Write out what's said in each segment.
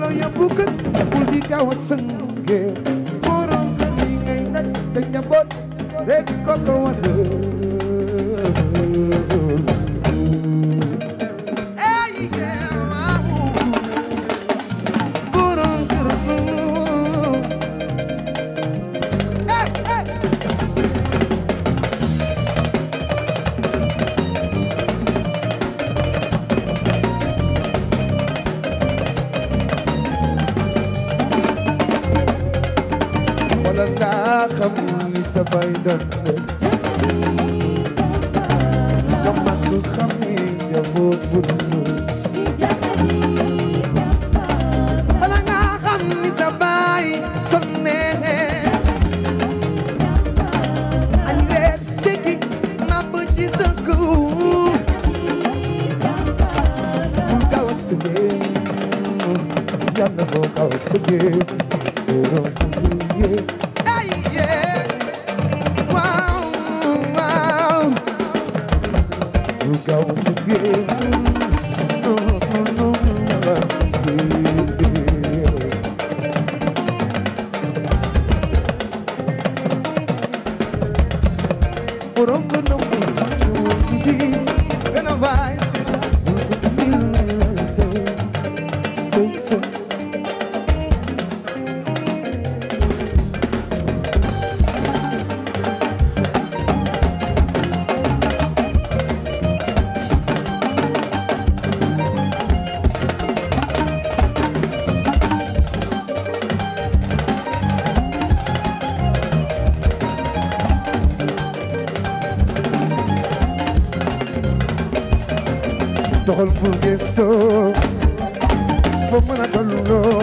loo yóbbu kër bul di gaaw a sëngee borom kër yi ngay nag te njaboot rek kooku wane xam ni sa bay doon nga mag xam ni njaboot bu dund bala nga xam ni sa bay sonne añ reer tekki napp ci sa guur mu kaw a sëggee yàlla boo kaw a sëggee waay doxal bul gëstoo foo mën a toll loo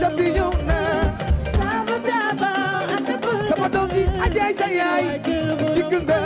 champignon naa sama doom ji ajaay sa yaay dikk nga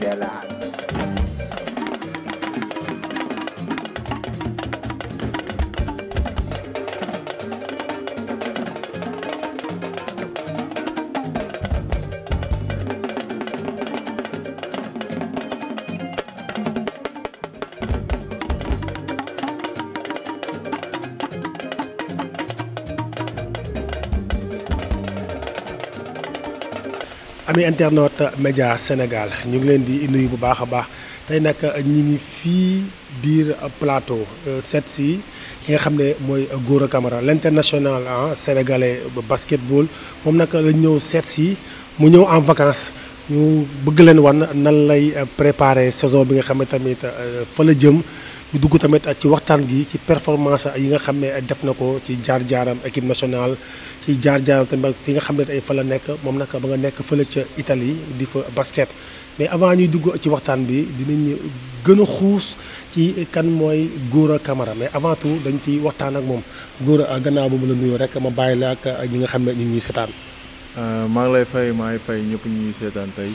de la ami internaute média Sénégal ñu ngi leen di nuyu bu baax a baax tey nag euh, ñi ngi fii biir plateau euh, seet si ki nga xam ne mooy góor euh, Gora Camara l'international ah sénégalais basketball moom nag lañ ñëw seet si mu ñëw en vacances ñu bëgg leen wan nan lay préparer saison bi nga xam ne tamit fa la jëm ñu dugg tamit ci waxtaan gi ci performance yi nga xam ne def na ko ci jaar-jaaram équipe nationale ci jaar-jaaram tamit fi nga xam ne ay fa la nekk moom nag ba nga nekk fële ca Italie di fa basket mais avant ñuy dugg ci waxtaan bi dinañ gën a xuus ci kan mooy Gora Camara mais avant tout dañ ci waxtaan ak moom Gora gannaaw ba mu la nuyoo rek ma bàyyi la ak ñi nga xam ne ñu ngi seetaan. Euh, maa lay fay maa ngi fay ñëpp ñuy seetaan tey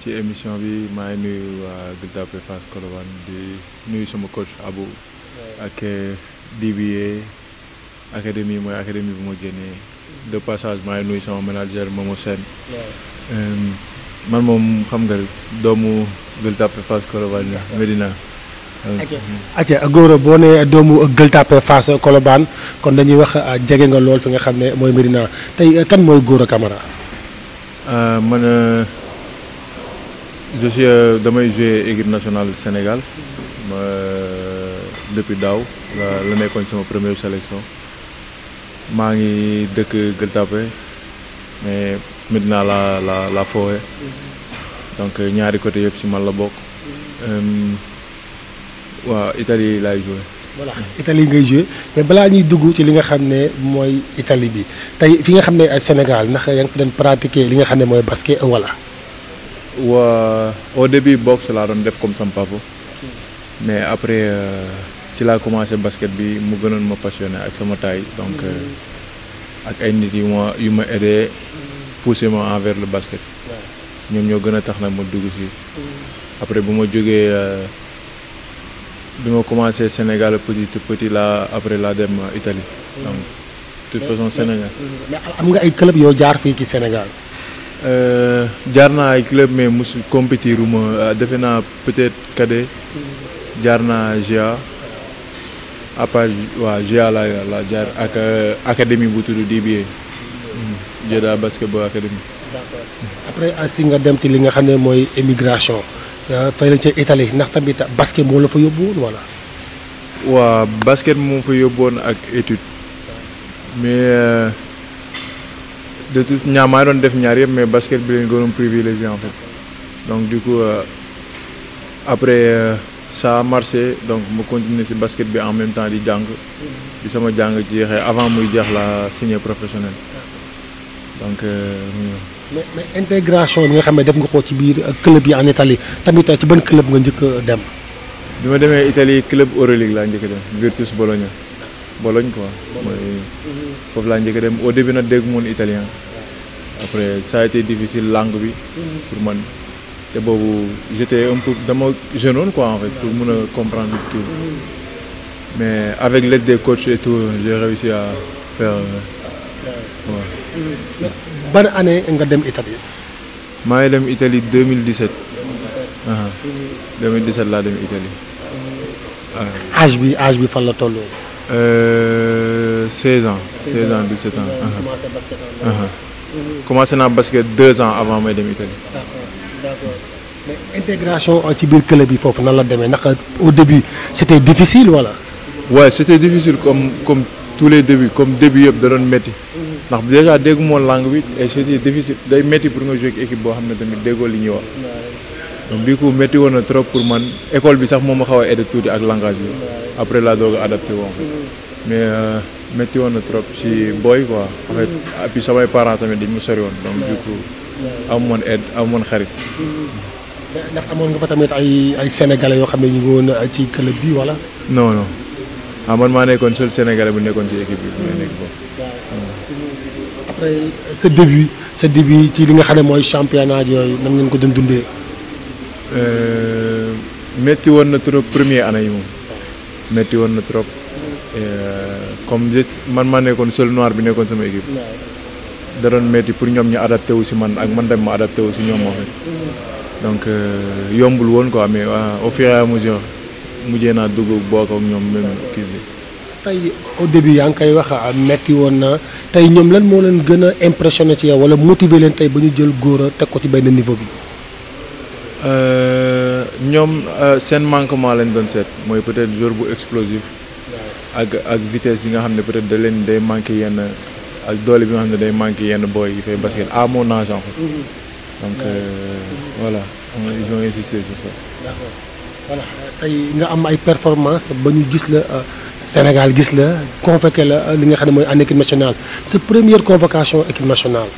ci mhm. émission bi maa ngi nuyu waa Gueule Tapée Fass Colobane di nuyu sama coach abu ak euh, DBA académie mooy académie bu ma génnee mhm. de passage maa ngi nuyu sama manager Momo Sène euh, man moom xam nga doomu Gueule Tapée Fass Colobane la acca góor boo ne doomu Gueule Tapée Fass Colobane kon dañuy wax ah, jege nga lool fi nga xam ne mooy Médina tey ah, kan mooy Gora kamara euh, man euh, je suis euh, damay joué équipe nationale Sénégal ma depuis daaw la nekkoon sama première sélection maa ngi dëkk Gueule Tapée mais Médina la la la foowe donc ñaari côté yëpp si man la bokk waaw Italie laay joué. voilà Italie ngay joué mais balaa ñuy dugg ci li nga xam ne mooy Italie bi tey fi nga xam ne ay Sénégal ndax yaa ngi fi doon pratiquer li nga xam ne mooy basket wala. Euh, waa au début boxe laa doon def comme sama papa. mais après euh, ci laa commencé basket bi mu gënoon ma passionné ak sama taay donc euh, ak ay nit yu ma yu ma aidé poussé ma envers le basket. ñoom ñoo gën a tax nag ma dugg si. Mm. après bu ma jógee. bi ma commencé Sénégal petit petit la après la dem Italie. Mm. donc façon Sénégal. Mm. mais am nga ay club yoo jaar fii ci Sénégal. Euh, jaar naa ay club mais mosu compétir ma euh, defe naa peut-être cadet. Mm. jaar naa GA. à part la jaar ak euh, académie bu tudd DBA. Jeddah Basketball Academy. après après ainsi nga dem ci li nga xam ne mooy émigration. Euh, fay la ca Italie ndax tamit basket moo la fa yóbbu woon wala. waa basket moom fa yóbbu woon ak étude mais euh, de tous ñaar maa doon def ñaar yëpp mais basket bi leen gënoon privilégié en fait donc du coup euh, après ça a donc mu continuer ci basket bi en même temps di jàng di sama jàng jeexee avant muy jeex la signé professionnel donc. mais mais intégration bi nga xam ne def nga ko ci biir euh, club yi en Italie tamit euh, ci ban club nga njëkk a euh, dem. bi ma demee Italie club Euroleague laa njëkk dem Virtus Bologna. Bologne quoi mooy mhm. foofu laa njëkk a dem au début nag dégg moon italien après ça a été difficile langue bi mhm. pour man te boobu j'étais un peu dama jeune woon en fait pour mun a comprendre tout mhm. mais avec l'aide des coachs et tout j'ai réussi à faire ouais. ban année nga dem Italie. maa ngi dem Italie 2017. 2017 2017 laa dem Italie. âge bi âge bi fan la tolloo. 16 euh, ans. 16 ans 17 ans. commencé basket commencé naa basket deux ans avant may dem Italie. d' accord d' accord intégration euh, ci biir club bi foofu nan la demee ndax euh, au début c' était difficile wala. waaw c' était difficile comme comme tous les débuts comme début yëpp da doon métti. ndax déjà déggu moon langue bi et day métti pour nga jouer ak équipe boo xam ne tamit déggoo li ñuy wax donc du coup métti woon na trop pour man école bi sax moom ma xaw a aidé tuuti ak langage bi après laa doog a adapté woon mais euh, métti woon na trop ci booy quoi en samay parents tamit dañ mu sori woon donc du coup amoon aide amoon xarit ndax amoon nga fa tamit ay ay sénégalais yoo xam ne ñu ngi woon ci club bi wala. non ah, man maa nekkoon seul sénégalais bu nekkoon ci équipe bi. bu may après sa début sa début ci li nga xam ne mooy championnat yooyu nan ngeen ko doon dundee. Euh, métti woon na trop premier année yi moom métti woon na trop euh, comme man maa nekkoon seul noir bi nekkoon sama équipe. da doon métti pour ñoom ñu adapté wu si man ak man dem ma adapté wu si ñoom moo donc euh, yombul woon quoi mais au fur et à naa dugg bokk ak ñoom même kii bi. tey au bi yaa ngi koy wax ah, metti woon na tey ñoom lan moo leen gën a impressionné ci yow wala motiver leen tey ba ñu jël góor a teg ko ci benn niveau bi. Euh, ñoom euh, seen manquement lañ doon seet mooy peut-être jour bu explosif ak ak vitesse yi nga xam ne peut-être da leen day manqué yenn ak doole bi nga xam ne day manqué yenn boy yi fay basket à mon âge mm-hmm. donc euh, voilà mm-hmm. ils ont insisté voilà tey nga am ay performance ba ñu gis la euh, Sénégal gis la convoqué la euh, li nga xam ne mooy en équipe nationale sa première convocation équipe nationale.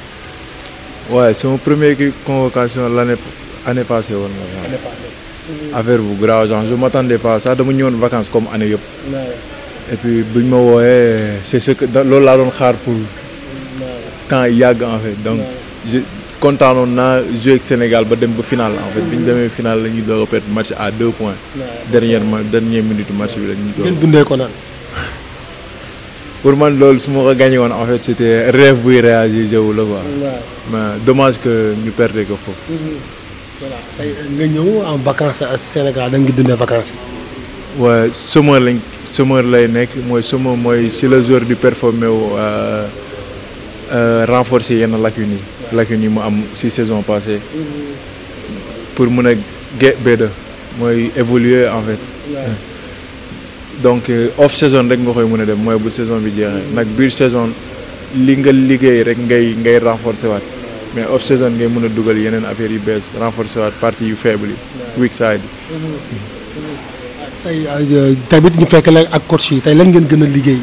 waaye sama première convocation l'année année passée woon na. année passée. affaire bu grave genre je m'attendais pas sax dama ñëwoon vacances comme année yëpp. et puis buñ ma wooyee c'est ce que loolu laa doon xaar pour temps yàgg en fait donc. kontaanoon naa joué ak Sénégal ba dem ba final en fait bi ñu demee final la ñuy doog a perdre match à deux points. dernièrement dernière minute match bi la ñuy doog. dundee ko naan. pour man loolu su ma ko gagné woon en fait c' était rêve buy réaliser wu la quoi. mais dommage que ñu perdre ko foofu. Mm-hmm. nga ñëw en vacances à Sénégal da nga ngi dundee vacances yi. waaw chômeur lañ chômeur lay nekk mooy chômeur mooy si le joueur di performer wu euh, euh, renforcer yenn lacunes yi. lacunes yi mu am si saison passée pour mun a get better mooy évoluer en fait donc euh, off saison rek nga koy mën a dem mooy bu saison bi jeexee nag biir saison li nga liggéey rek ngay ngay renforcer waat mais off saison ngay mun a dugal yeneen affaires yu bees renforcer waat partie yu faible yi weak side yi tey euh, ñu fekk la ak coach yi tey lañ ngeen gën a liggéey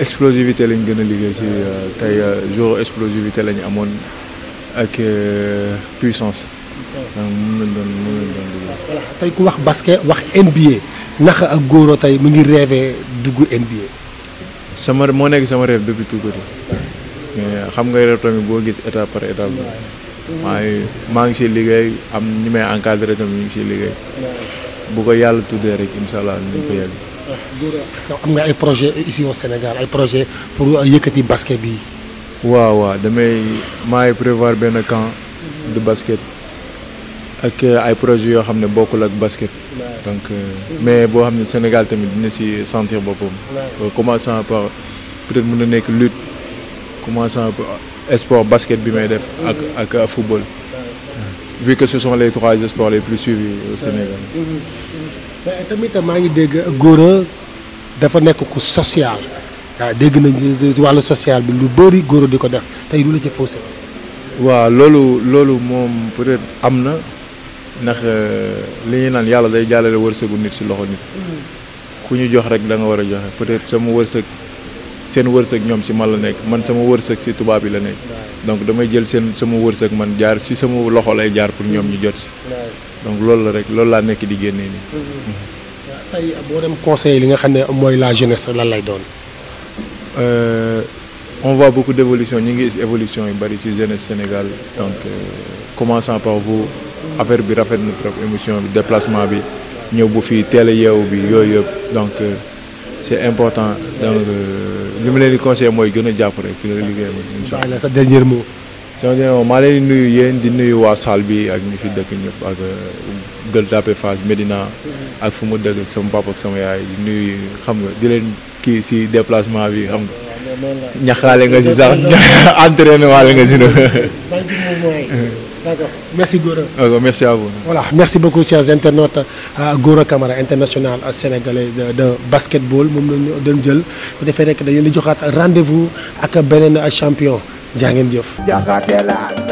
explosivité lañ gën a liggéey si euh, tey euh, jour explosivité lañu amoon ak euh, puissance. donc mun nañ doon mun nañ doon tey ku wax basket wax NBA ndax ak góoro tey mu ngi rêvé dugg NBA. sama moo nekk sama rêve depuis tout petit mais xam nga yow tamit boo gis étape par étape la maa ngi maa ngi siy liggéey am ñi may encadré tamit ñu ngi siy liggéey bu ko yàlla tuddee rek incha allah ñu ko yàgg. góor am nga ay projet ici au Sénégal ay projet pour yëkkati basket bi. waaw waaw damay maay prévoir benn camp de basket ak euh, ay projet yoo xam ne bokkul ak basket. donc euh, mm-hmm. mais boo xam ne Sénégal tamit dina si sentir boppam. Euh, commençant par peut-être mën na nekk lutte commençant par sport basket bi may def. ak mm-hmm. ak football. vu que ce sont les trois sports les plus suivis au Sénégal. Mm-hmm. mais tamit maa ngi dégg Gora dafa nekk ku social waaw dégg nañ ci wàllu social bi lu bëri Gora di ko def tey du la ci posé. waaw loolu loolu moom peut-être am na ndax euh, li ñuy naan yàlla day jàllale wërsëgu nit si loxo nit mm-hmm. ku ñu jox rek da nga war a joxe peut-être sama wërsëg seen wërsëg ñoom si man la nekk man sama wërsëg si tubaab yi la nekk donc damay jël seen sama wërsëg man jaar si sama loxo lay jaar pour ñoom ñu jot si donc loolu la rek loolu laa nekk di génnee nii. Mm-hmm. boo dem conseil li nga xam ne mooy la jeunesse lan lay doon. Euh, on voit beaucoup d' évolution ñu ngi évolution yi bëri ci jeunesse Sénégal donc euh, commençant par vous affaire bi rafet na trop émission bi déplacement bi ñëw bu fii teel a yeewu bi yooyu yëpp donc euh, c' est important donc li mu leen di conseillé mooy gën a jàpp rek. ki la liggéey incha allah sa dernier mot. sama ginnaaw maa leen nuyu yéen di nuyu waa saal bi ak ñu fi dëkk ñëpp ak euh, Gueule Tapée Fass Médina ak fu mu dëkk sama papa ak sama yaay nuyu xam nga di leen kii si déplacement bi xam nga. ñaxaale nga si sax entraîné nga si na. d'accord merci Gora. d'accord merci à vous. voilà merci beaucoup chers internautes euh, Gora Camara international sénégalais de basketball moom la ñu jël bu defee rek dañu di joxaat rendez-vous ak beneen champion. jaa ngeen jëf. jaxate la